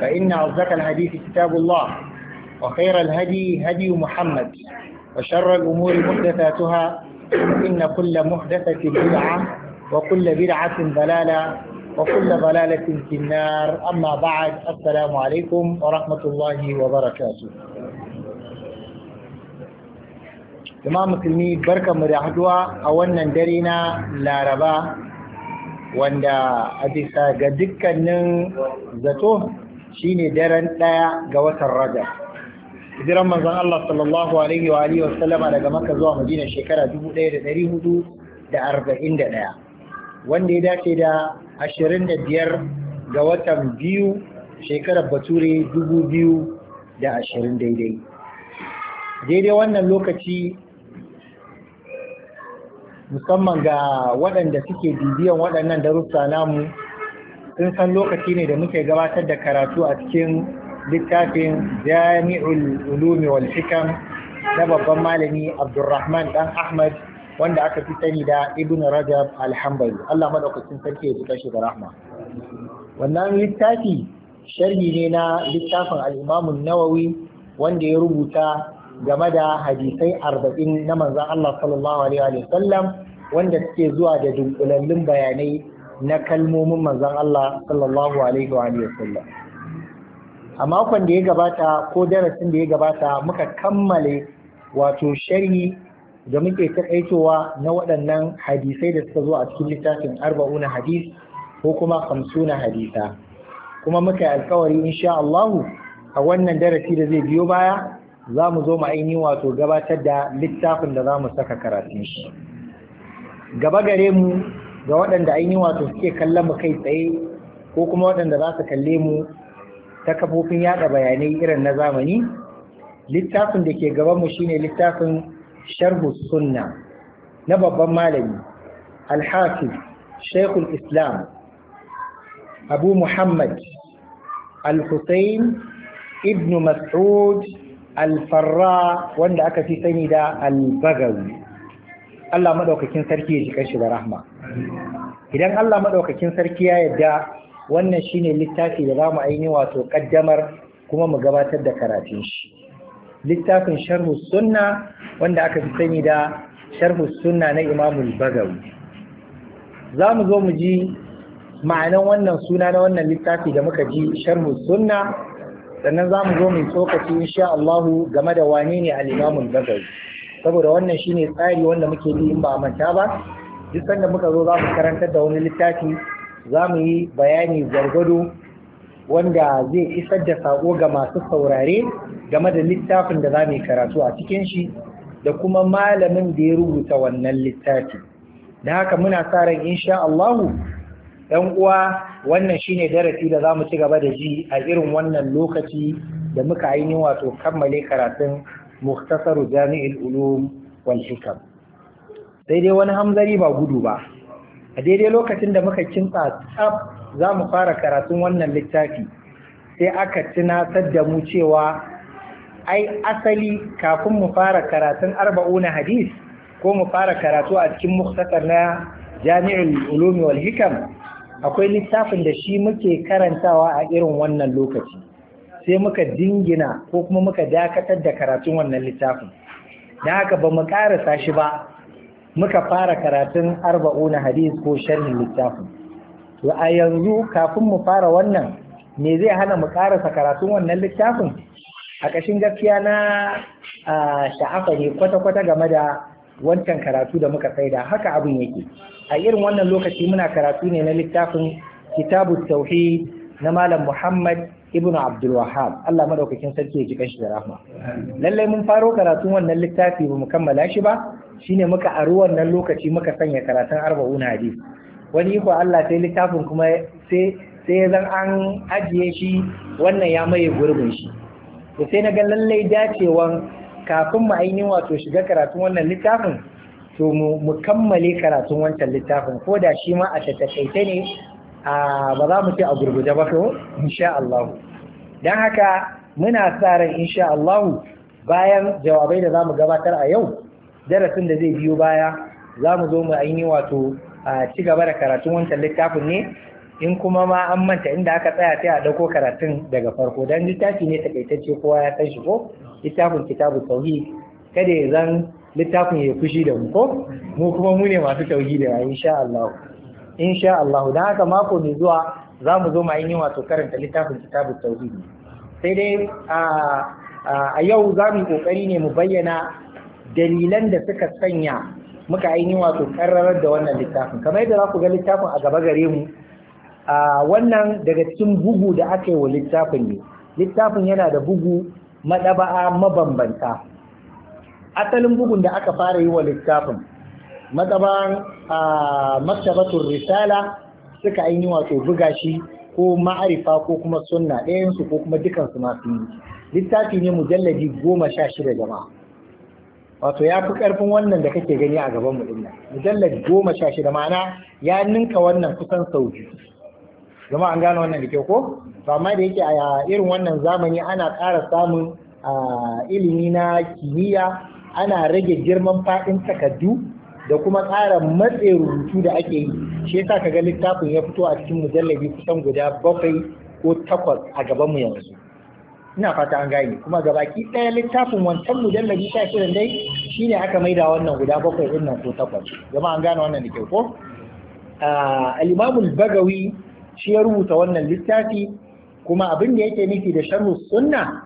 فإن أصدق الحديث كتاب الله وخير الهدي هدي محمد وشر الأمور محدثاتها إن كل محدثة بدعة وكل بدعة ضلالة وكل ضلالة في النار أما بعد السلام عليكم ورحمة الله وبركاته Jama'a musulmi بركة da أولا درينا لا ربا wanda a bisa ga dukkanin zato shine daren ɗaya ga watan rajab hijiran manzon Allah sallallahu alaihi wa alihi wasallama daga Makka zuwa Madina shekara 1441 wanda ya dace da 25 ga watan biyu shekarar bature 2020 daidai daidai wannan lokaci musamman ga waɗanda suke bibiyan waɗannan darussa namu sun san lokaci ne da muke gabatar da karatu a cikin littafin jami'ul ulumi wal hikam na babban malami abdulrahman dan ahmad wanda aka fi sani da ibn rajab alhambali allah madaukakin sarki ya jika shi da rahma wannan littafi sharhi ne na littafin al'imamun nawawi wanda ya rubuta game da hadisai arba'in na manzan Allah sallallahu alaihi wa sallam wanda suke zuwa da dunkulallun bayanai na kalmomin manzan Allah sallallahu alaihi wa sallam a makon da ya gabata ko darasin da ya gabata muka kammale wato sharhi da muke taƙaitowa na waɗannan hadisai da suka zo a cikin littafin arba'una hadis ko kuma hamsuna hadisa kuma muka yi alkawari insha Allahu a wannan darasi da zai biyo baya za mu zo ma'aini wato gabatar da littafin da za mu saka karatun shi gaba gare mu ga waɗanda aini wato suke kallon mu kai tsaye ko kuma waɗanda za su kalle mu ta kafofin yada bayanai irin na zamani littafin da ke gaban mu shine littafin sharhu sunna na babban malami alhafiz shaikhul islam abu muhammad al-husayn ibn mas'ud alfarra wanda aka fi sani da albagawi Allah maɗaukakin sarki ya shiga shi da rahma idan Allah maɗaukakin sarki ya yarda, wannan shine littafi da za mu aini wato ƙaddamar kuma mu gabatar da karatun shi littafin sharhu sunna wanda aka fi sani da sharhu sunna na imamul bagawi za zo mu ji ma'anan wannan suna na wannan littafi da muka ji sharhu sunna sannan za mu zo mu tsokaci insha Allah game da wane ne al-Imamul saboda wannan shine tsari wanda muke yi in ba manta ba duk sanda muka zo za mu karantar da wani littafi za mu yi bayani gwargwado, wanda zai isar da sako ga masu saurare game da littafin da za mu yi karatu a cikin shi da kuma malamin da ya rubuta wannan littafi da haka muna sa ran insha Allah ɗan uwa wannan shine darasi da za mu ci gaba da ji a irin wannan lokaci da muka yi wato kammale karatun Muktasar jami'il ulum wal hikam sai dai wani hamzari ba gudu ba a daidai lokacin da muka kinta tsaf za mu fara karatun wannan littafi sai aka tunatar da mu cewa ai asali kafin mu fara karatun arba'una hadis ko mu fara karatu a cikin muktasar na Jami'in ulum wal hikam akwai littafin da shi muke karantawa a irin wannan lokaci sai muka dingina ko kuma muka dakatar da karatun wannan littafin da haka ba mu karasa shi ba muka fara karatun arba'una hadis ko sharhin littafin to a yanzu kafin mu fara wannan me zai hana mu karasa karatun wannan littafin a ƙashin gaskiya na sha'afa ne kwata-kwata game da wancan karatu da muka saida haka abin yake a irin wannan lokaci muna karatu ne na littafin kitabu tauhid na malam muhammad ibnu abdul wahab Allah madaukakin sarki ya ji kanshi da rahma lallai mun faro karatu wannan littafi ba mu kammala shi ba shine muka aro wannan lokaci muka sanya karatun arba'un hadis wani iko Allah sai littafin kuma sai sai zan an ajiye shi wannan ya maye gurbin shi to sai na ga lallai dacewan kafin mu ainihin wato shiga karatun wannan littafin to mu kammale karatun wancan littafin ko da shi ma a tattakaice ne a ba za mu ce a gurguje ba ko insha Allah dan haka muna sa ran insha Allah bayan jawabai da za mu gabatar a yau darasin da zai biyo baya za mu zo mu ainihin wato a ci gaba da karatun wancan littafin ne in kuma ma an manta inda aka tsaya sai a dauko karatun daga farko dan littafi ne takaitacce kowa ya san shi ko littafin kitabu tauhid kada ya zan littafin ya fushi da mu ko mu kuma mu ne masu tauhidi da insha Allah insha Allah dan haka mako mai zuwa za mu zo ma yi wato karanta littafin kitabu tauhid sai dai a yau za mu kokari ne mu bayyana dalilan da suka sanya muka ainihin wato karrarar da wannan littafin kamar yadda za ku ga littafin a gaba gare mu wannan daga cikin bugu da aka yi wa littafin ne littafin yana da bugu maɗaba'a mabambanta asalin bugun da aka fara yi wa littafin maɗaba'an maktabatun risala suka yi wato buga shi ko ma'arifa ko kuma sunna ɗayansu ko kuma dukansu masu yi littafi ne mujalladi goma sha shida jama'a wato ya fi ƙarfin wannan da kake gani a gaban mu dinnan mujalladi goma sha shida ma'ana ya ninka wannan kusan sau biyu Gama an gane wannan da ke ko to amma da yake a irin wannan zamani ana ƙara samun ilimi na kimiyya ana rage girman faɗin takardu da kuma ƙara matse rubutu da ake yi shi yasa kaga littafin ya fito a cikin mujallabi kusan guda bakwai ko takwas a gabanmu yanzu ina fata an gane kuma gabaki ɗaya littafin wancan mujallabi ta shirin dai shine aka maida wannan guda bakwai ɗin nan ko takwas jama'a an gane wannan da kyau ko al-imamul bagawi shi ya rubuta wannan littafi kuma abin da yake nufi da sharhu sunna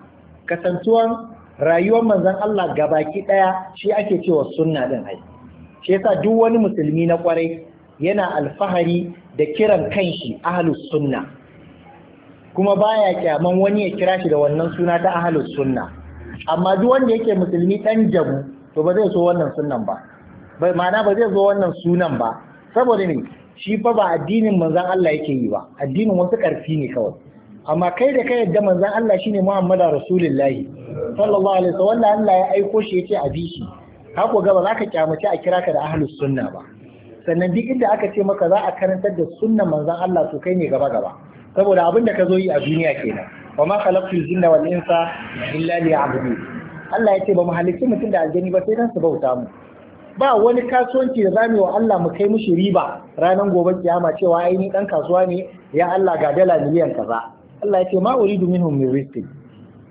kasantuwan rayuwar manzon Allah ga baki daya shi ake cewa sunna din ai shi yasa duk wani musulmi na kwarai yana alfahari da kiran kanshi ahlus sunna kuma baya kyaman wani ya kira shi da wannan suna ta ahlus sunna amma duk wanda yake musulmi dan jabu to ba zai so wannan sunnan ba bai ma'ana ba zai zo wannan sunan ba saboda ne shi fa ba addinin manzan Allah yake yi ba addinin wasu ƙarfi ne kawai amma kai da kai yadda manzan Allah shine Muhammadu Rasulullahi sallallahu alaihi wasallam wanda Allah ya aiko shi yace a bishi ka ko ga ba za ka kyamace a kira ka da ahlus sunna ba sannan duk inda aka ce maka za a karantar da sunnan manzan Allah to kai ne gaba gaba saboda abin da ka zo yi a duniya kenan wa ma khalaqtul jinna wal insa illa liya'budun Allah ya ce ba mu halicci mutum da aljani ba sai dan su bauta mu ba wani kasuwanci da zamu wa Allah mu kai mushi riba ranar gobe kiyama cewa ai ni dan kasuwa ne ya Allah ga dala miliyan kaza Allah ya ce ma uridu minhum min rizqi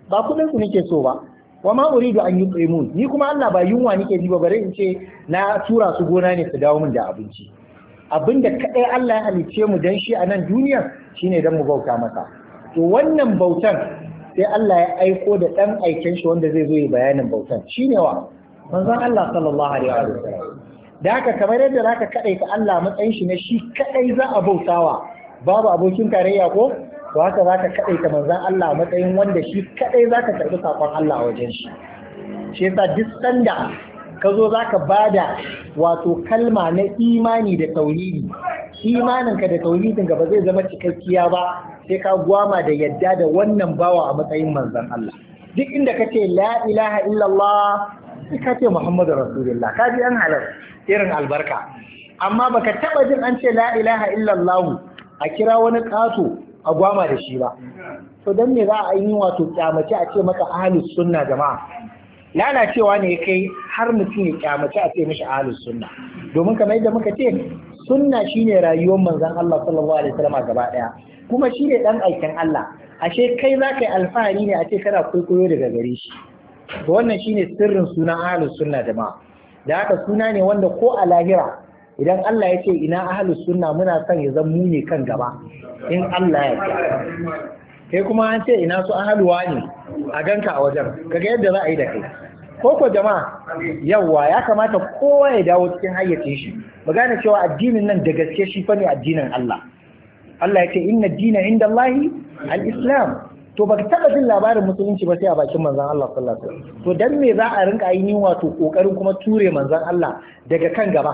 ba kudin ku nake so ba wa ma uridu an yut'imun ni kuma Allah ba yunwa nake ji ba bare in ce na tura su gona ne su dawo min da abinci abinda kadai Allah ya halice mu dan shi a nan duniya shine dan mu bauta masa to wannan bautan sai Allah ya aiko da dan aiken shi wanda zai zo yi bayanin bautan shine wa manzon Allah sallallahu alaihi wa sallam da haka kamar yadda zaka ka Allah matsayin shi ne shi kadai za a bautawa babu abokin tarayya ko to haka zaka ka manzon Allah matsayin wanda shi kadai zaka karbi sakon Allah a wajen shi shi yasa duk sanda ka zo zaka bada wato kalma na imani da tauhidi imaninka da tauhidin ka ba zai zama cikakkiya ba sai ka gwama da yadda da wannan bawa a matsayin manzon Allah duk inda kace la ilaha illallah sai ka ce Muhammadu Rasulullah ka ji an halar irin albarka amma baka taba jin an ce la ilaha illallah a kira wani kato a gwama da shi ba to dan me za a yi wato kyamace a ce maka ahlus sunna jama'a lalacewa ne kai har mutum ya kyamace a ce mishi ahlus sunna domin kamar yadda muka ce sunna shine rayuwar manzon Allah sallallahu alaihi wasallam gaba daya kuma shine dan aikin Allah ashe kai za ka yi alfahari ne a ce kana kwaikwayo daga gare shi to wannan shine sirrin sunan ahlus sunna jama'a da haka suna ne wanda ko a lahira idan Allah ya ce ina ahlus sunna muna son ya zan kan gaba in Allah ya ce kai kuma an ce ina su ahluwa ne a ganka a wajen kaga yadda za a yi da kai koko jama'a yawa ya kamata kowa ya dawo cikin hayyacin shi magana cewa addinin nan da gaske shi fa ne addinin Allah Allah ya ce inna dina inda Allahi al-islam to baka taba jin labarin musulunci ba sai a bakin manzon Allah sallallahu alaihi wasallam to dan me za a rinka ni wato kokarin kuma ture manzon Allah daga kan gaba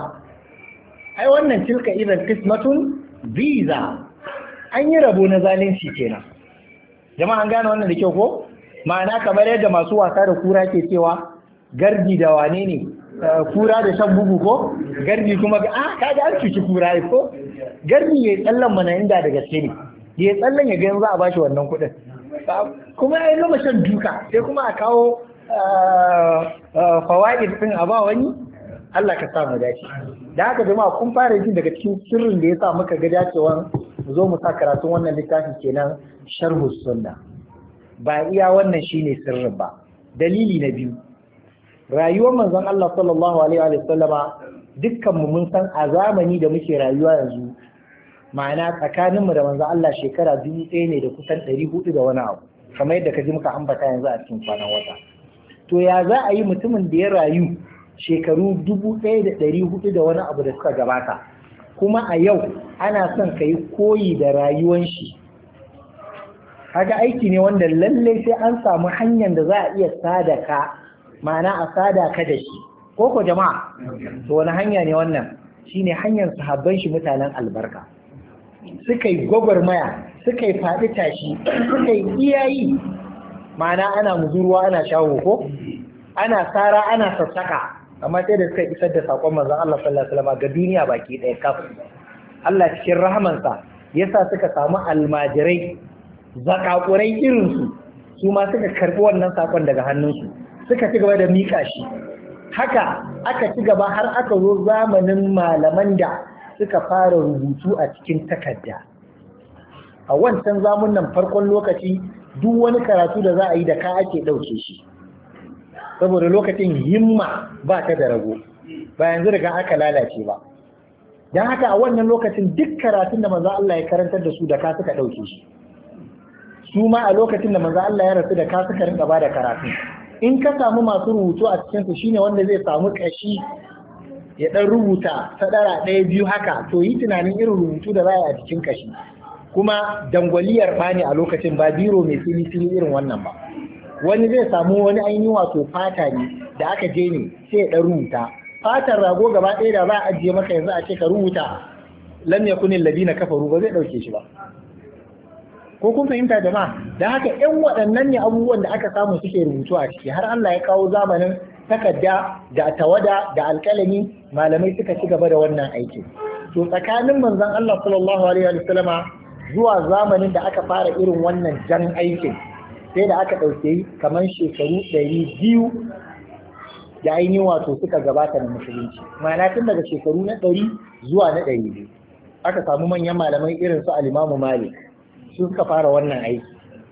ai wannan tilka idan kismatun visa an yi rabo na zalunci kenan jama'a an gane wannan da kyau ko ma'ana kamar yadda masu wasa da kura ke cewa gardi da wane ne eh, kura da shan bugu ko gardi kuma a ah, kaga an cuci kura ko gardi ya tsallan mana inda da gaske ne ya tsallan ya ga yanzu a bashi wannan kuɗin kuma ya yi shan duka sai kuma a kawo eh, eh, fawa'id ɗin a ba wani Allah ka samu dace da haka jama'a kun fara jin daga cikin sirrin da ya sa muka ga dacewan zo mu sa karatun wannan littafin kenan sharhu sunna ba iya wannan shine sirrin ba dalili na biyu rayuwar manzon Allah sallallahu alaihi wa sallama dukkan mu mun san a zamani da muke rayuwa yanzu ma'ana tsakaninmu da manzo Allah shekara dubu ɗaya ne da kusan ɗari hudu da wani abu kamar yadda ka muka ambata yanzu a cikin kwanan wata to ya za a yi mutumin da ya rayu shekaru dubu ɗaya da ɗari hudu da wani abu da suka gabata kuma a yau ana son ka yi koyi da rayuwan shi kaga aiki ne wanda lallai sai an samu hanyar da za a iya sadaka ma'ana a sadaka da shi ko jama'a to wani hanya ne wannan shine hanyar sahabban shi mutanen albarka suka yi gwagwarmaya suka yi faɗi tashi suka yi iyayi ma'ana ana muzurwa ana shawo ko ana tsara ana sassaka amma sai da suka isar da saƙon manzon Allah sallallahu ga duniya baki ɗaya kaf Allah cikin rahamansa yasa suka samu almajirai zakakurai irinsu su ma suka karɓi wannan saƙon daga hannunsu suka ci gaba da miƙa shi haka aka ci gaba har aka zo zamanin malaman da suka fara rubutu a cikin takarda a wancan zamun nan farkon lokaci duk wani karatu da za a yi da ka ake ɗauke shi saboda lokacin himma ba ta da rago ba yanzu daga aka lalace ba don haka a wannan lokacin duk karatun da manzo Allah ya karantar da su da ka suka ɗauke shi su ma a lokacin da manzo Allah ya rasu da ka suka rinka ba da karatu in ka samu masu rubutu a cikin su shine wanda zai samu kashi ya ɗan rubuta sadara ɗaya biyu haka to yi tunanin irin rubutu da za a cikin kashi kuma dangwaliyar bani a lokacin ba biro mai fili fili irin wannan ba wani zai samu wani ainihin wato fata ne da aka je ne sai ya ɗan rubuta fatar rago gaba ɗaya da za a ajiye maka yanzu a ce ka rubuta lam yakun alladina kafaru ba zai ɗauke shi ba ko kun fahimta jama'a da haka yan waɗannan ne abubuwan da aka samu suke rubutu a ciki har Allah ya kawo zamanin takarda da tawada da alƙalami malamai suka ci gaba da wannan aikin to tsakanin manzon Allah sallallahu alaihi wa sallama zuwa zamanin da aka fara irin wannan jan aikin sai da aka ɗauke kamar shekaru ɗari biyu da ainihin wato suka gabata na musulunci ma'ana tun daga shekaru na ɗari zuwa na ɗari aka samu manyan malamai irin su alimamu malik sun suka fara wannan aiki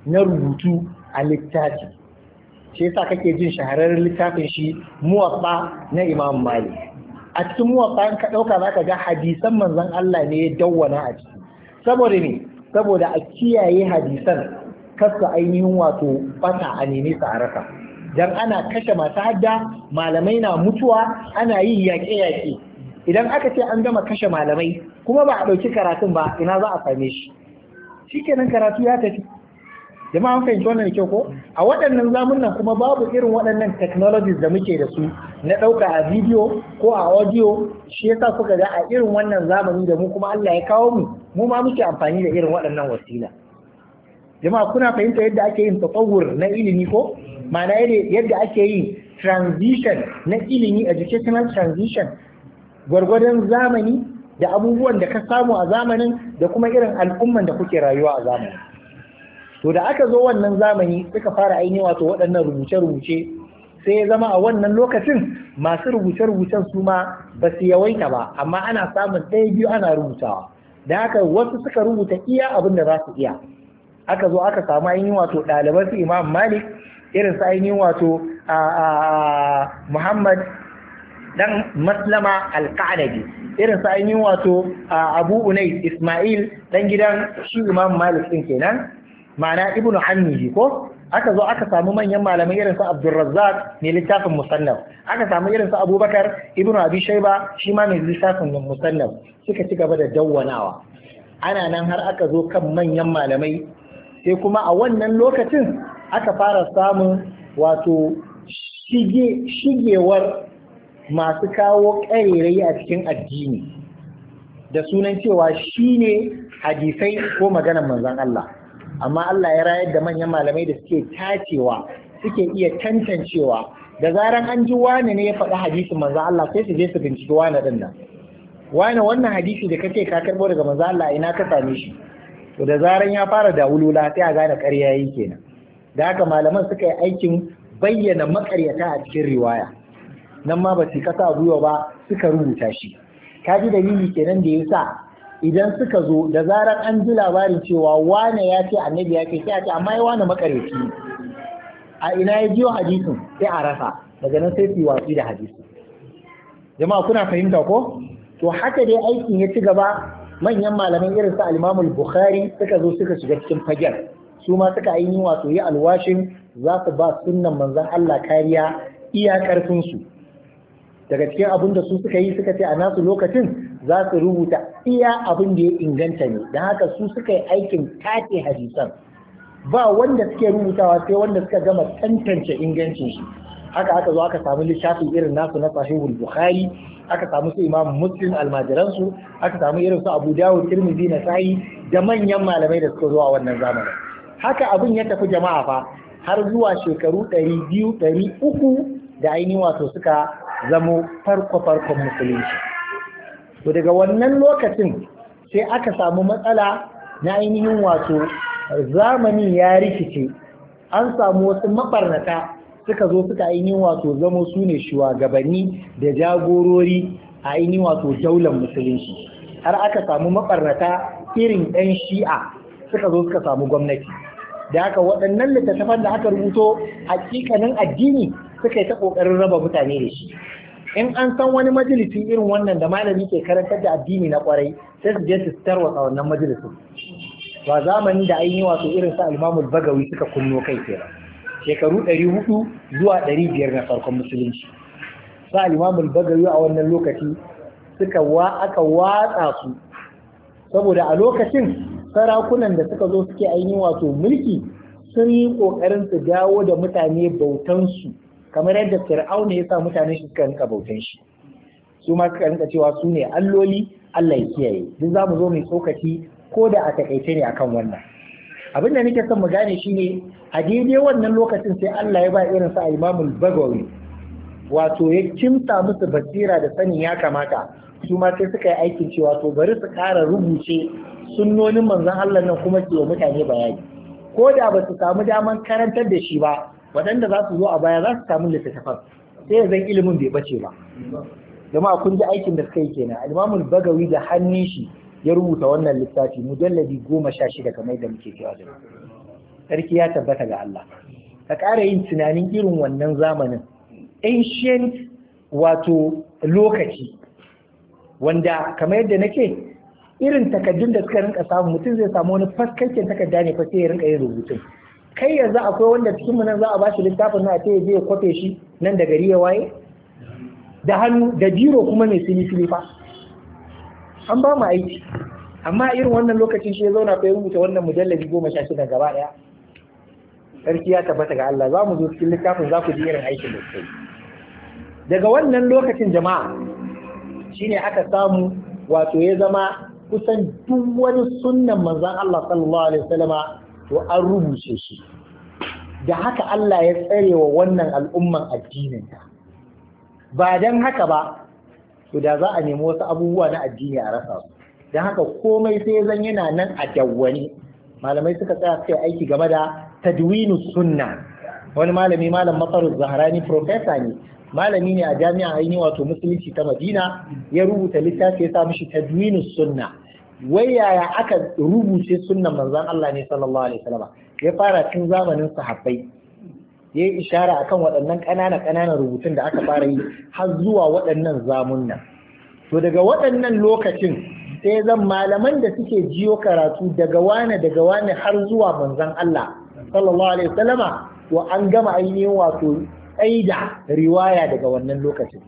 na rubutu a littafi shi yasa kake jin shahararren littafin shi muwaffa na imam malik a cikin muwaffa ka ɗauka zaka ga hadisan manzon Allah ne ya dawwana a ciki saboda ne saboda a kiyaye hadisan kasu ainihin wato fata a nemi sa a rasa dan ana kashe masu hadda malamai na mutuwa ana yi yaƙe-yaƙe idan aka ce an gama kashe malamai kuma ba a ɗauki karatun ba ina za a same shi shikenan karatu ya tafi jama'a an fahimci wannan kyau ko a waɗannan zamunan kuma babu irin waɗannan technologies da muke da su na ɗauka a bidiyo ko a audio shi yasa kuka ga a irin wannan zamani da mu kuma Allah ya kawo mu mu ma muke amfani da irin waɗannan wasila jama'a kuna fahimta yadda ake yin tsawur na ilimi ko ma'ana yadda ake yin transition na ilimi educational transition gwargwadon zamani da abubuwan da ka samu a zamanin da kuma irin al'umman da kuke rayuwa a zamanin to da aka zo wannan zamani suka fara aini wato waɗannan rubuce-rubuce sai ya zama a wannan lokacin masu rubuce-rubucen su ma ba su yawaita ba amma ana samun ɗaya biyu ana rubutawa da haka wasu suka rubuta iya abin da za su iya aka zo aka samu ainihin wato ɗaliban su imam malik irin su ainihin wato muhammad dan maslama alƙa'adabi irin sa ainihin wato abu unais ismail dan gidan shi imam malik din kenan ma'ana ibnu ammihi ko aka zo aka samu manyan malamai irin su Abdurrazzaq mai littafin musannaf aka samu irin su Abubakar ibn Abi shaiba shi ma mai littafin musannaf suka ci gaba da dawwanawa ana nan har aka zo kan manyan malamai sai kuma a wannan lokacin aka fara samun wato shigewar masu kawo ƙarerai a cikin addini da sunan cewa shi ne hadisai ko maganar manzon Allah amma Allah ya rayar da manyan malamai da suke tacewa suke iya tantancewa da zaran an ji wani ne ya faɗi hadisin manzo Allah sai su je su binciki wani din nan wani wannan hadisi da kace ka karbo daga manzo Allah ina ka same shi to da zaran ya fara da wulula sai a gane ƙarya yi kenan da haka malaman suka yi aikin bayyana makaryata a cikin riwaya nan ma ba su kasa gwiwa ba suka rubuta shi ka ji dalili kenan da ya sa idan suka zo da zarar an ji labarin cewa wane ya ce annabi ya ce sai a ce amma ya wane makareci a ina ya jiyo hadisin sai a rasa daga nan sai su watsi da hadisi jama'a kuna fahimta ko to haka dai aikin ya ci gaba manyan malaman irin su al-Imam al-Bukhari suka zo suka shiga cikin fagen su ma suka yi wato yi alwashin za su ba sunnan manzon Allah kariya iya karfin su daga cikin abin da su suka yi suka ce a nasu lokacin za su rubuta iya abin da ya inganta ne don haka su suka yi aikin tace hadisan ba wanda suke rubutawa sai wanda suka gama tantance ingancin shi haka aka zo aka samu littafin irin nasu na sahihul bukhari aka samu su imam muslim almajiransu aka samu irin su abu dawud tirmidhi na sahi da manyan malamai da suka zo a wannan zamanin haka abin ya tafi jama'a fa har zuwa shekaru ɗari biyu da ainihin wato suka zamo farko-farkon musulunci to daga wannan lokacin sai aka samu matsala na ainihin wato zamani ya rikice an samu wasu mabarnata suka zo suka ainihin wato zamo su ne shugabanni da jagorori a ainihin wato daular musulunci har aka samu mabarnata irin ɗan shi'a suka zo suka samu gwamnati da haka waɗannan littattafan da aka rubuto hakikanin addini suka yi ta ƙoƙarin raba mutane da shi in an san wani majalisi irin wannan da malami ke karantar da addini na kwarai sai su je su tarwatsa wannan majalisin ba zamanin da ainihin wato irin sa almamul bagawi suka kunno kai kenan shekaru 400 zuwa 500 na farkon musulunci sa almamul bagawi a wannan lokaci suka wa aka watsa su saboda a lokacin sarakunan da suka zo suke ainihin wato mulki sun yi ƙoƙarin su dawo da mutane bautansu kamar yadda fir'auna ya sa mutane shi suka rinka bautan shi su ma suka rinka cewa su ne alloli Allah ya kiyaye duk zamu zo mu tsokaci ko da a takaice ne akan wannan abin da nake son mu gane shine a daidai wannan lokacin sai Allah ya ba irin sa Imamul Bagawi wato ya kimta musu basira da sanin ya kamata su ma sai suka yi aikin cewa to bari su kara rubuce sunnonin manzon Allah nan kuma ke mutane bayani ko da ba su samu daman karantar da shi ba waɗanda za su zo a baya za su samu littattafan sai zan ilimin bai bace ba jama'a kun ji aikin da suka yi kenan al bagawi da hannun shi ya rubuta wannan littafi mujalladi goma sha shida kamar yadda muke cewa da sarki ya tabbata ga Allah ka ƙara yin tunanin irin wannan zamanin ancient wato lokaci wanda kamar yadda nake irin takaddun da suka rinka samu mutum zai samu wani faskakken takarda ne fa sai ya rinka yin rubutun kai yanzu akwai wanda cikin mu nan za a ba shi littafin na ce zai kwafe shi nan da gari ya waye da hannu da biro kuma mai fili fili fa an ba mu aiki amma irin wannan lokacin shi ya zauna fa ya rubuta wannan mujallabi goma sha shida gaba daya sarki ya tabbata ga Allah za mu zo cikin littafin za ku ji irin aikin da kai daga wannan lokacin jama'a shine aka samu wato ya zama kusan duk wani sunnan manzon Allah sallallahu alaihi wasallama to an rubuce shi da haka Allah ya tsare wa wannan al'umman ta ba don haka ba to da za a nemi wasu abubuwa na addini a rasa su don haka komai sai zan yana nan a dawwani malamai suka tsaya suka aiki game da tadwinu sunna wani malami malam makarus zaharani profesa ne malami ne a jami'a aini wato musulunci ta madina ya rubuta littafi ya sa mishi tadwinu sunna wai yaya aka rubuce sunnan manzon Allah ne sallallahu alaihi wasallam ya fara tun zamanin sahabbai ya yi ishara akan waɗannan ƙanana ƙananan rubutun da aka fara yi har zuwa waɗannan zamunnan to daga waɗannan lokacin sai zan malaman da suke jiyo karatu daga wane daga wane har zuwa manzon Allah sallallahu alaihi wasallama wa an gama ainihin wato tsaida riwaya daga wannan lokacin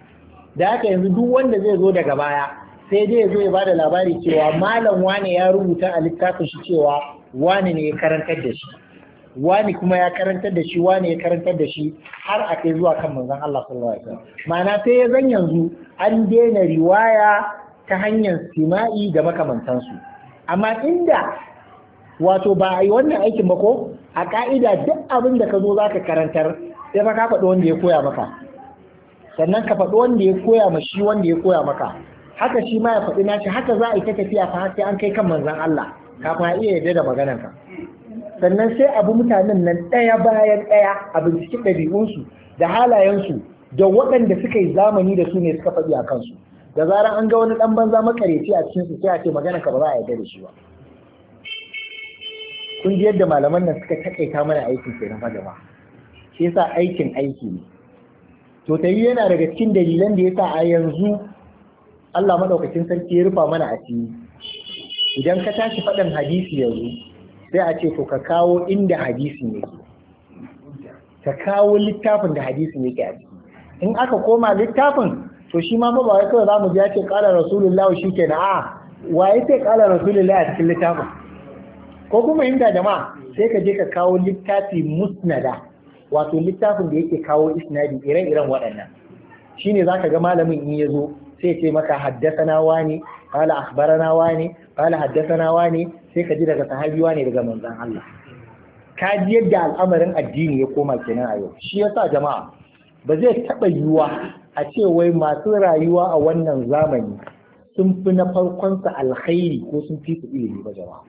da haka yanzu duk wanda zai zo daga baya sai dai zo ya da labari cewa malam wane ya rubuta a littafin shi cewa wane ne ya karantar da shi wani kuma ya karantar da shi wani ya karantar da shi har a kai zuwa kan manzon Allah sallallahu alaihi wasallam ma'ana sai ya zan yanzu an daina riwaya ta hanyar sima'i da makamantansu amma inda wato ba a yi wannan aikin ba ko a ka'ida duk abin da ka zo za ka karantar sai fa ka faɗi wanda ya koya maka sannan ka faɗi wanda ya koya ma shi wanda ya koya maka haka shi ma ya faɗi nashi haka za a yi ta tafiya fa har sai an kai kan manzon Allah kafin a iya yarda da maganar ka sannan sai abu mutanen nan ɗaya bayan ɗaya a binciken ɗabi'unsu da halayensu da waɗanda suka yi zamani da su ne suka faɗi a kansu da zarar an ga wani ɗan banza makareci a cikinsu sai a ce maganar ka ba za a yarda da shi ba kun ji yadda malaman nan suka takaita mana aikin sai na jama'a shi yasa aikin aiki ne to tayi yana daga cikin dalilan da yasa a yanzu Allah maɗaukacin sarki ya rufa mana a ciki. idan ka tashi faɗin hadisi yanzu sai a ce to ka kawo inda hadisi ne, ka kawo littafin da hadisi ne a ciki in aka koma littafin to shi ma ba wai kawai za mu ji ya ce kala rasulullahi shi ke na a waye sai kala rasulullahi a cikin littafin ko kuma inda jama'a sai ka je ka kawo littafi musnada wato littafin da yake kawo isnadi ire-iren waɗannan shine zaka ga malamin in ya zo sai ce maka haddasana wani qala akhbarana wani qala haddasana wani sai ka ji daga sahabi wani daga manzon Allah ka ji yadda al'amarin addini ya koma kenan a yau shi yasa jama'a ba zai taba yiwa a ce wai masu rayuwa a wannan zamani sun fi na farkon sa alkhairi ko sun fi su ilimi ba jama'a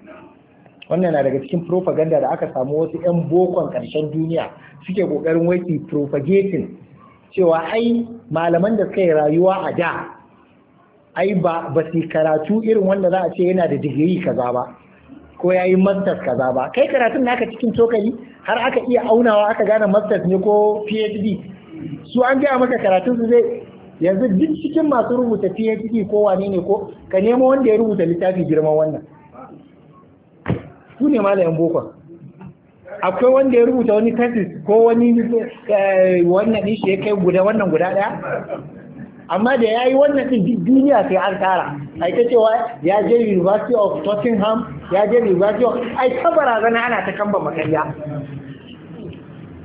wannan na daga cikin propaganda da aka samu wasu 'yan bokon ƙarshen duniya suke ƙoƙarin waki propagating cewa ai malaman da suka yi rayuwa a da ai ba ba su karatu irin wanda za a ce yana da digiri kaza ba ko ya yi masters kaza ba kai karatun naka cikin cokali har aka iya aunawa aka gane masters ne ko phd su an gaya maka karatun su zai yanzu duk cikin masu rubuta phd ko wane ne ko ka nemo wanda ya rubuta littafi girman wannan su ne malayan boko akwai wanda ya rubuta wani thesis ko wani eh, wannan shi ya kai guda wannan guda daya amma da ya yi wannan din duniya sai an tara a ita cewa ya je University of Tottenham ya je University of ai ta barazana ana ta kamba makarya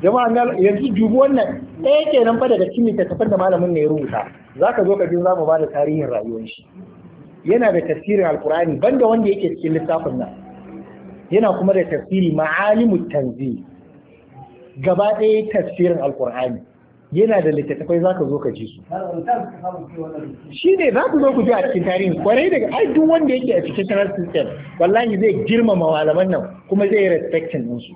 jama'a yanzu dubu wannan ɗaya nan fa daga cikin littattafan da malamin ne ya rubuta ka zo ka ji za mu ba da tarihin rayuwar shi yana da tafsirin alkur'ani banda wanda yake cikin littafin nan yana kuma da tasiri ma'alimut tanzi gaba ɗaya tafsirin alkur'ani yana da littattafai za ka zo ka ji su shi ne za ku zo ku ji a cikin tarihi kwarai daga ai duk wanda yake a cikin tarar sistem wallahi zai girmama malaman nan kuma zai yi respectin ɗinsu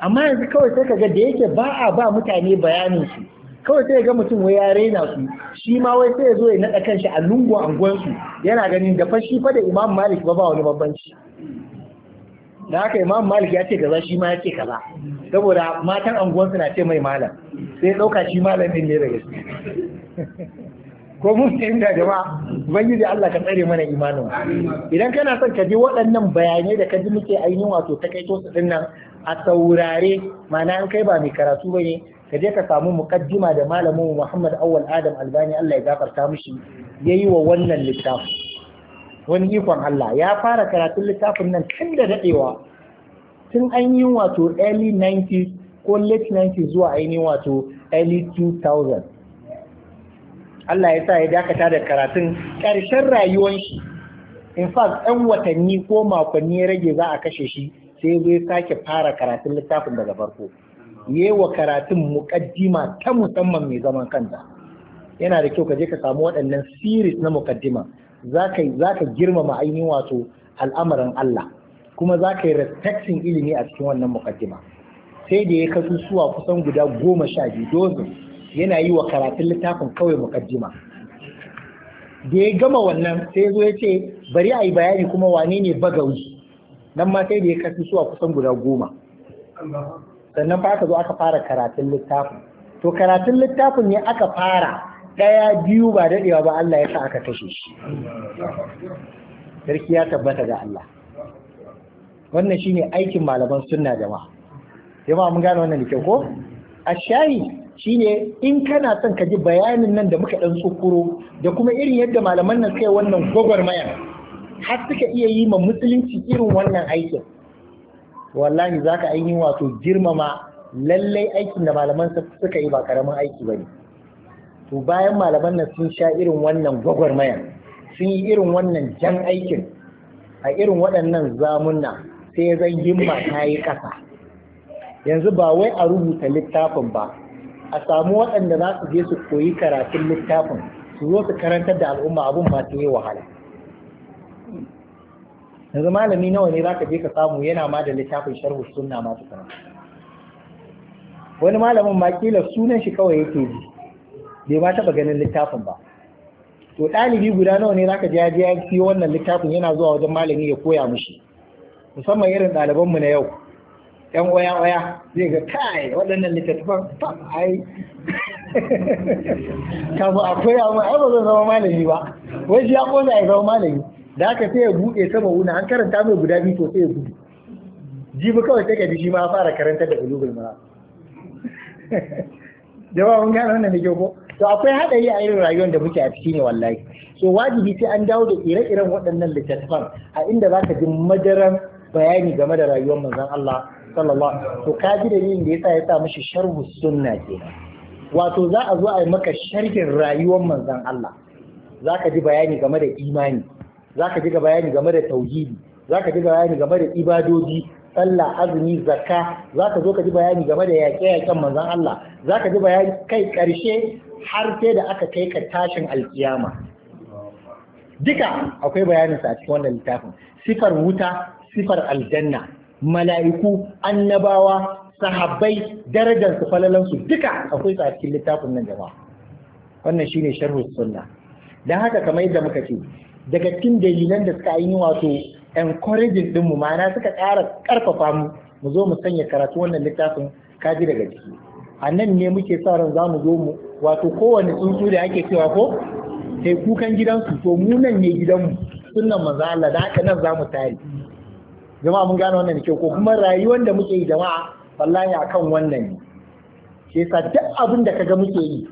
amma yanzu kawai sai ka ga da yake ba a ba mutane bayanin su kawai sai ga mutum wai ya raina su shi ma wai sai ya zo ya naɗa kanshi a lungu anguwan yana ganin da fashi fa da imam malik ba ba wani bambanci da haka imam malik ya ce kaza shi ma ya ce kaza saboda matan anguwan na ce mai malam sai ɗauka shi malamin ne da gaske ko mun inda jama'a ubangiji Allah ka tsare mana imanin idan kana son ka ji waɗannan bayanai da ka ji muke ainihin wato takaito su ɗin nan a saurare ma'ana an kai ba mai karatu ba ne, ka je ka samu muqaddima da malamin Muhammad Awwal Adam Albani Allah ya gafarta mishi yayi wa wannan littafin wani ikon Allah ya fara karatun littafin nan tun da daɗewa. tun an yi wato early 90s ko late 90 zuwa ainihin wato early 2000 Allah ya sa ya dakata da karatun ƙarshen rayuwar shi in fact ɗan watanni ko makonni ya rage za a kashe shi sai zai sake fara karatun littafin daga farko yewa karatun mukaddima ta musamman mai zaman kanta yana da kyau ka je ka samu waɗannan series na mukaddima za ka girmama ainihin wato al'amarin Allah kuma za ka yi respecting ilimi a cikin wannan mukaddima sai da ya kasu suwa kusan guda goma sha biyu dozin yana yi wa karatun littafin kawai mukaddima da ya gama wannan sai zo ya ce bari a yi bayani kuma wane ne bagawi nan ma sai da ya kasu suwa kusan guda goma sannan fa aka zo aka fara karatun littafin to karatun littafin ne aka fara ɗaya biyu ba daɗewa ba Allah ya sa aka kashe shi sarki ya tabbata ga Allah wannan shine aikin malaman sunna jama'a jama'a mun gane wannan da kyau ko a shayi shine in kana son ka ji bayanin nan da muka dan tsukuro da kuma irin yadda malaman nan suka wannan gwagwarmaya har suka iya yi ma musulunci irin wannan aikin wallahi zaka ainihin wato girmama lallai aikin da malaman suka yi ba karamin aiki bane to bayan malaman nan sun sha irin wannan gwagwarmaya sun yi irin wannan jan aikin a irin waɗannan zamunna sai zan himma ta yi ƙasa yanzu ba wai a rubuta littafin ba a samu waɗanda za su je su koyi karatun littafin su zo su karanta da al'umma abun ba su yi wahala yanzu malami nawa ne zaka je ka samu yana ma da littafin sharhu sunna masu karatu wani malamin ma kila sunan shi kawai yake ji bai ma taba ganin littafin ba to ɗalibi guda nawa ne zaka je ya siyo wannan littafin yana zuwa wajen malami ya koya mishi musamman irin ɗalibanmu na yau yan waya waya zai ga kai waɗannan littattafan ta ai kafin akwai koya ai ba zan zama malami ba wai ya kosa ya zama malami da haka sai ya buɗe sama wuna an karanta mai guda biyu sosai ya gudu jibi kawai ta ka shi ma fara karanta da bulugul mara jama'a mun gane wannan da kyau ko to akwai haɗari a irin rayuwar da muke a ciki ne wallahi so wajibi sai an dawo da ire-iren waɗannan littattafan a inda za ka ji madaran bayani game da rayuwar manzon Allah sallallahu to ka ji dalilin da yasa ya sa mishi sharhu sunna kenan wato za a zo a yi maka sharhin rayuwar manzon Allah ka ji bayani game da imani ka ji bayani game da tauhidi ka ji bayani game da ibadoji sallah azumi zakka zaka zo ka ji bayani game da yaƙe-yaƙen manzon Allah zaka ji bayani kai ƙarshe har sai da aka kai ka tashin alkiyama duka akwai bayanin sa a cikin wannan littafin sifar wuta sifar aljanna mala'iku annabawa sahabbai darajar su falalan su duka akwai a cikin littafin nan jama'a wannan shine sharhu sunna dan haka kamar yadda muka ce daga cikin dalilan da suka yi wato encouraging din mu ma'ana suka ƙara ƙarfafa mu mu zo mu sanya karatu wannan littafin kaji daga ciki a nan ne muke sa ran za mu zo mu wato kowane tsuntsu da ake cewa ko sai kukan gidansu to mu nan ne gidanmu sunnan manzo Allah da haka nan za mu tare jama'a mun gane wannan ke ko kuma rayuwar da muke yi jama'a wallahi akan wannan ne ke sa duk abin da kaga muke yi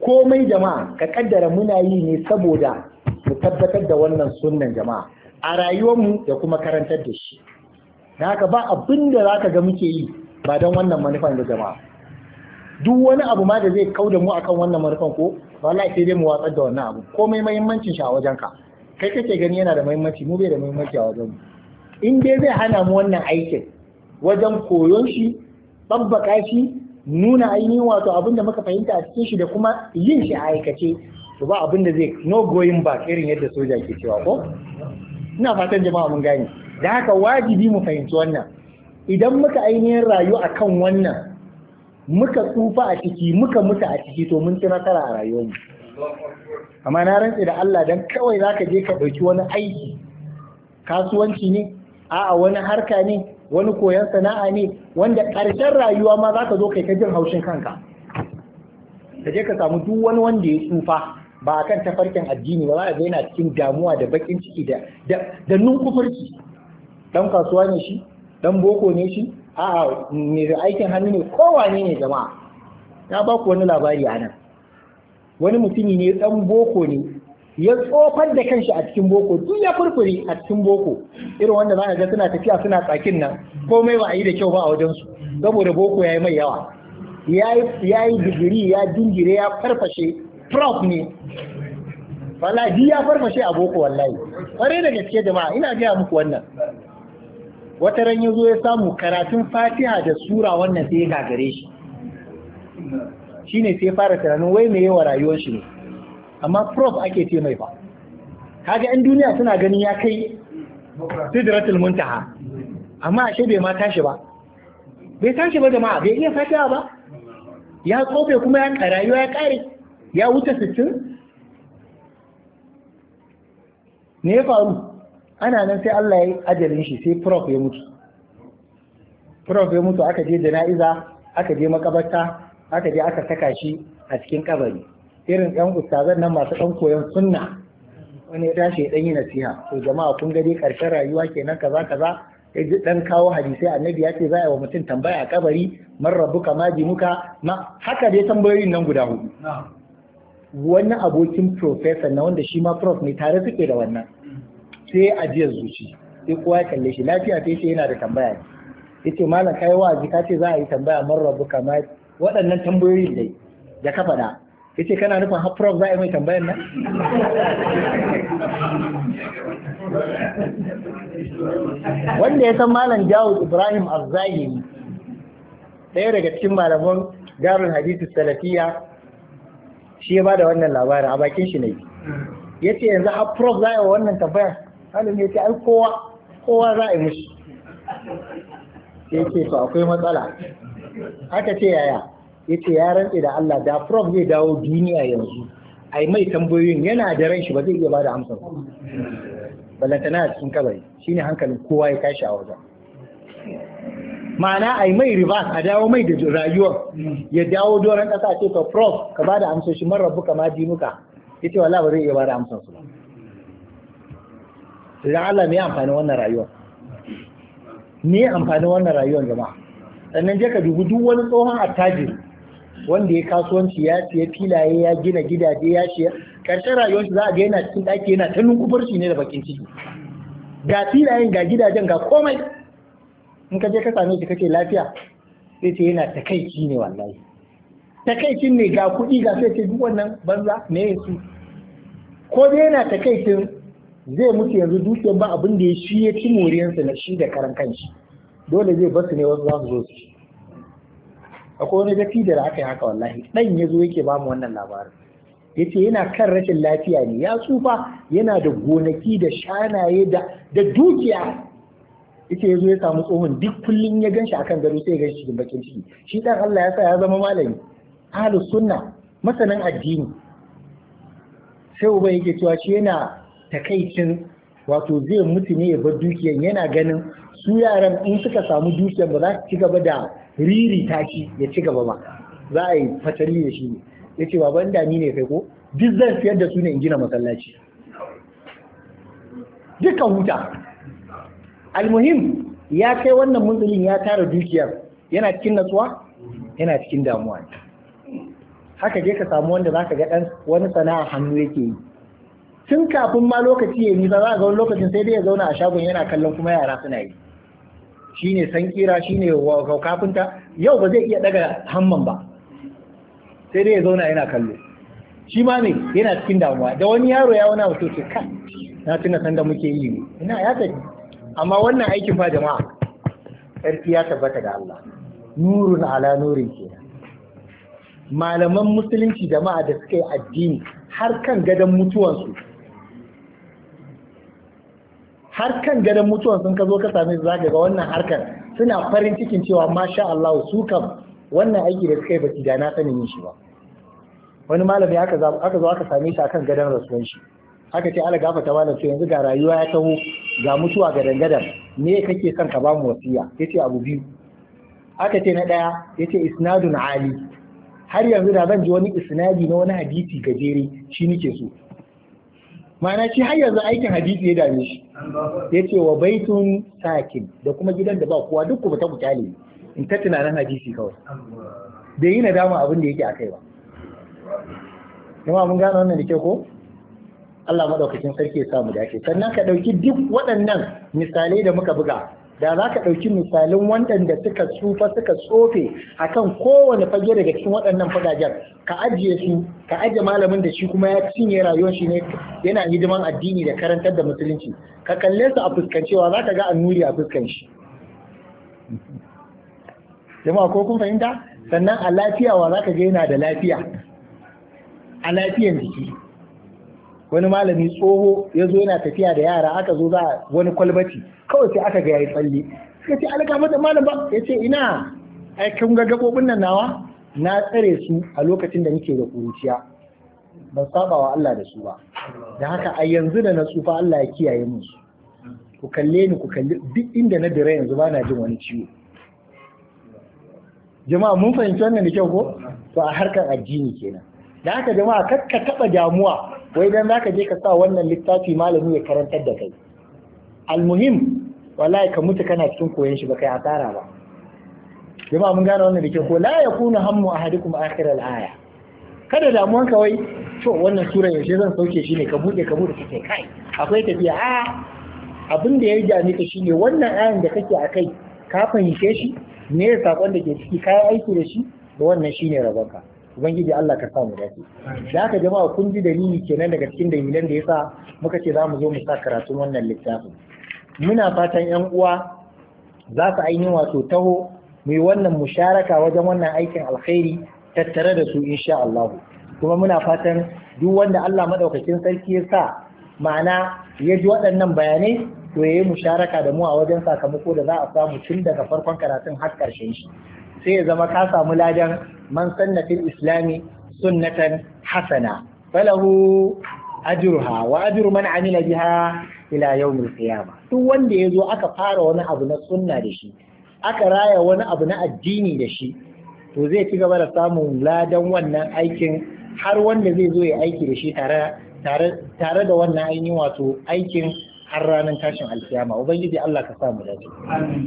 komai jama'a ka kaddara muna yi ne saboda mu tabbatar da wannan sunnan jama'a a rayuwarmu da kuma karantar da shi na haka ba abin da za ga muke yi ba don wannan manufan da jama'a duk wani abu ma da zai kau da mu akan wannan manufan ko wallahi sai dai mu watsar da wannan abu komai muhimmancin shi a wajenka kai kake gani yana da muhimmanci mu bai da muhimmanci a wajenmu in dai zai hana mu wannan aikin wajen koyon shi babbaka shi nuna ainihin wato abin da muka fahimta a cikin shi da kuma yin shi a aikace to ba abin da zai no going back irin yadda soja ke cewa ko ina fatan jama'a mun gane da haka wajibi mu fahimci wannan idan muka ainihin rayu akan wannan muka tsufa a ciki muka mutu a ciki to mun ci nasara a rayuwarmu amma na rantse da Allah dan kawai zaka je ka ɗauki wani aiki kasuwanci ne a'a wani harka ne wani koyon sana'a ne wanda ƙarshen rayuwa ma za ka zo kai kajin jin haushin kanka ka je ka samu duk wani wanda ya tsufa ba a kan tafarkin addini ba za a zaina yana cikin damuwa da bakin ciki da da kufurki dan kasuwa ne shi dan boko ne shi a'a da aikin hannu ne kowane ne jama'a na ba ku wani labari a nan wani mutumi ne ɗan boko ne ya tsofar da kanshi a cikin boko duk ya furfuri a cikin boko irin wanda za a ga suna tafiya suna tsakin nan komai ba a yi da kyau ba a wajensu saboda boko ya mai yawa yayi yi digiri ya dingire ya farfashe prof ne ji ya farfashe a boko wallahi ƙwarai da gaske jama'a ina gaya muku wannan wata ran ya ya samu karatun fatiha da sura wannan sai ya gagare shi shine sai fara tunanin wai me wa rayuwar shi ne amma prof ake ce mai ba kaga yan duniya suna ganin ya kai sidratul muntaha amma ashe bai ma tashi ba bai tashi ba jama'a bai iya fatiha ba ya kofe kuma ya karayuwa ya kare ya wuce sittin ne ya faru ana nan sai Allah ya ajalin shi sai prof ya mutu prof ya mutu aka je jana'iza aka je makabarta aka je aka saka shi a cikin kabari irin ɗan ustazan nan masu ɗan koyon sunna wani ya tashi ɗan yi nasiha to jama'a kun gani ƙarshen rayuwa kenan kaza kaza ya ji ɗan kawo hadisai annabi ya ce za a yi wa mutum tambaya a kabari man rabbuka ma jinuka ma haka dai tambayoyin nan guda hudu wani abokin profesa na wanda shi ma prof ne tare suke da wannan sai ajiyar zuci sai kowa ya kalle shi lafiya sai shi yana da tambaya ne yace malam kai wa'azi ka ce za a yi tambaya man rabbuka ma waɗannan tambayoyin dai ya ka faɗa ya ce kana nufin haprof za a yi mai tambayan nan wanda ya san malam jawud ibrahim azzahiri ɗaya daga cikin malaman garin hadithu salafiya shi ya bada wannan labarin a bakin shi ne ya ce yanzu haprof za a yi wannan tambayan halin ya ce ai kowa kowa za a yi mushi ya ce to akwai matsala aka ce yaya ya ce ya rantse da Allah da prof zai dawo duniya yanzu ai mai tambayoyin yana da ran shi ba zai iya ba da amsar ba balantana a cikin kabari ne hankalin kowa ya tashi a wajen ma'ana ai mai rivas a dawo mai da rayuwar ya dawo doron ƙasa ce ka prof ka ba da amsar shi marar buka ma muka ya ce wala ba zai iya ba da amsar su ba idan Allah me amfanin wannan rayuwar me amfanin wannan rayuwar jama'a sannan je ka dubi duk wani tsohon attajiri wanda ya kasuwanci ya siya filaye ya gina gidaje ya siya karshen rayuwar shi za a ga yana cikin daki yana ta nunkufarci ne da bakin ciki ga filayen ga gidajen ga komai in ka je ka same shi kake lafiya sai ce yana takaici ne wallahi takaicin ne ga kuɗi ga sai ce duk wannan banza ne su ko dai yana takaicin zai mutu yanzu dukiyar ba abin da ya shi ya ci moriyarsa na shi da karan kanshi dole zai basu ne wasu za su zo su akwai wani dattijo da aka yi haka wallahi dan ya zo yake bamu wannan labarin yace yana kan rashin lafiya ne ya tsufa yana da gonaki da shanaye da da dukiya yace ya zo ya samu tsohon duk kullum ya ganshi akan gado sai ya ganshi cikin bakin ciki shi dan Allah ya sa ya zama malami ahlus sunna masanin addini sai uba yake cewa shi yana takaicin wato zai mutu ne ya bar dukiyan yana ganin su yaran in suka samu dukiyan ba za su ci gaba da ta shi ya ci gaba ba za a yi fatali da shi ne ya ce baban da ne kai ko duk zan siyar da su ne in gina masallaci dukkan huta almuhim ya kai wannan munzulin ya tara dukiyar yana cikin natsuwa yana cikin damuwa haka je ka samu wanda zaka ga dan wani sana'a hannu yake yi tun kafin ma lokaci ya nisa za a ga wani lokacin sai dai ya zauna a shagon yana kallon kuma yara suna yi Shi ne sankira ne kafinta yau ba zai iya daga hamman ba sai dai ya zauna yana kallo shi ma ne yana cikin damuwa da wani yaro ya wani wato ce kan na tuna san da muke yi ne ina ya tafi amma wannan aikin fa jama'a ƙarfi ya tabbata da Allah nurun ala nurin kenan malaman musulunci jama'a da suka yi addini har kan gadon mutuwansu har kan gadon mutuwan sun ka zo ka same su ga wannan harkar suna farin cikin cewa masha Allah su kam wannan aiki da suka yi baki da na sanin yin shi ba wani malami aka zo aka same shi akan gadon rasuwan shi aka ce ala gafata malam su yanzu ga rayuwa ya taho ga mutuwa ga dangadan me kake son ka bamu wasiya yace abu biyu aka ce na daya yace isnadun ali har yanzu da zan ji wani isnadi na wani hadisi gajere shi nike so ma'ana shi har yanzu aikin hadisi ya dame shi ya ce wa baitun sakin da kuma gidan da ba kowa duk kuma ta kutale in ta tunanin hadisi kawai bai yi dama abin da yake a kai ba jama'a mun gano wannan da ke ko Allah madaukakin sarki ya samu dace sannan ka ɗauki duk waɗannan misalai da muka buga da za ka ɗauki misalin waɗanda suka tsufa suka tsofe a kan kowane fage daga cikin waɗannan fagajen ka ajiye su ka ajiye malamin da shi kuma ya cinye rayuwar shi ne yana hidiman addini da karantar da musulunci ka kalle su a fuskancewa za ka ga annuri a fuskan shi jama'a ko kun fahimta sannan a lafiya wa za ka ga yana da lafiya a lafiyan jiki wani malami tsoho ya zo yana tafiya da yara aka zo za wani kwalbati kawai sai aka ga yi tsalle suka ce alaka mata malam ba ya ce ina ai kun ga gabobin nan nawa na tsare su a lokacin da nake da kuruciya ban saba wa Allah da su ba da haka a yanzu da na tsufa Allah ya kiyaye mu ku kalle ni ku kalle duk inda na dira yanzu ba na jin wani ciwo jama'a mun fahimci wannan da kyau ko to a harkar addini kenan da haka jama'a kar ka taba damuwa wai dan zaka je ka sa wannan littafi malami ya karantar da kai almuhim wallahi ka mutu kana cikin koyon shi ba kai asara ba jama'a mun gane wannan da ke ko la yakunu hammu ahadikum akhir al-aya kada damuwan ka wai to wannan sura yaushe zan sauke shi ne ka bude ka bude kake kai akwai tafiya a abin da ya jami ka shine wannan ayan da kake a kai ka fahimce shi ne sakon da ke ciki kayan aiki da shi da wannan shine rabonka ubangiji Allah ka samu dace da haka jama'a kun ji dalili kenan daga cikin dalilan da ya sa muka ce za mu zo mu sa karatun wannan littafin muna fatan yan uwa za su ainihin wato taho mu yi wannan musharaka wajen wannan aikin alkhairi tattare da su insha Allah kuma muna fatan duk wanda Allah madaukakin sarki ya sa ma'ana ya ji waɗannan bayanai to ya yi musharaka da mu a wajen sakamako da za a samu tun daga farkon karatun har ƙarshen shi sai ya zama ka samu ladan man sanna fil islami sunnatan hasana falahu ajruha wa ajru man amila biha ila yawmil qiyamah duk wanda zo aka fara wani abu na sunna da shi aka raya wani abu na addini da shi to zai ci gaba da samun ladan wannan aikin har wanda zai zo ya aiki da shi tare da wannan ainihin wato aikin har ranar tashin alkiyama ubangiji Allah ka samu dace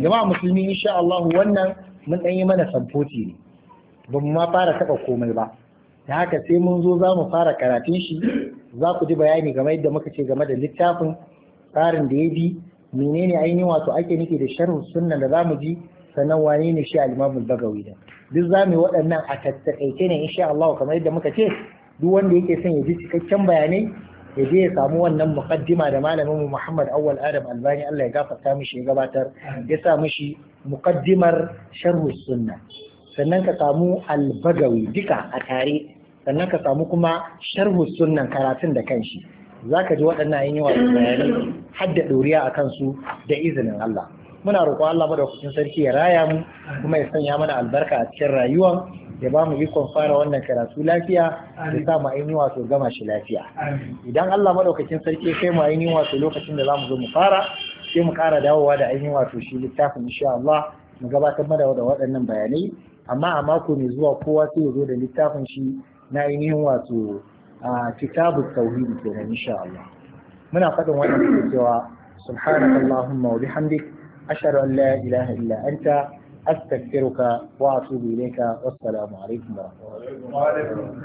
jama'a musulmi insha Allah wannan mun dan yi mana samfoti ne ba mu ma fara taɓa komai ba da haka sai mun zo za mu fara karatun shi za ku ji bayani game yadda muka ce game da littafin tsarin da ya bi menene ainihin wato ake nufi da sharhu sunna da za mu ji sannan wane ne shi al-Imam bagawi da duk za mu waɗannan a tattaƙaice ne insha Allah kamar yadda muka ce duk wanda yake son ya ji cikakken bayanai ya je ya samu wannan muqaddima da malamin mu Muhammad Awwal Adam Albani Allah ya gafarta mishi ya gabatar ya sa mishi muqaddimar sharhu sunna sannan ka samu albagawi duka a tare sannan ka samu kuma sharhu sunnan karatun da kanshi za ka ji waɗannan yin yawa da bayanai hadda ɗoriya a kansu da izinin Allah muna roƙo Allah maɗaukacin sarki ya raya mu kuma ya sanya mana albarka a cikin rayuwan ya ba mu ikon fara wannan karatu lafiya da sa mu ainihin wato gama shi lafiya idan Allah madaukakin sarki kai mu ainihin wato lokacin da za mu zo mu fara sai mu ƙara dawowa da ainihin wato shi littafin insha Allah mu gabatar da waɗannan bayanai amma a mako mai zuwa kowa sai ya zo da littafin shi na ainihin wato a kitabu tauhidi kenan insha Allah muna faɗin wannan da cewa subhanaka allahumma wa bihamdik ashhadu an la ilaha illa anta astaghfiruka wa atubu ilayka wassalamu alaikum wa rahmatullahi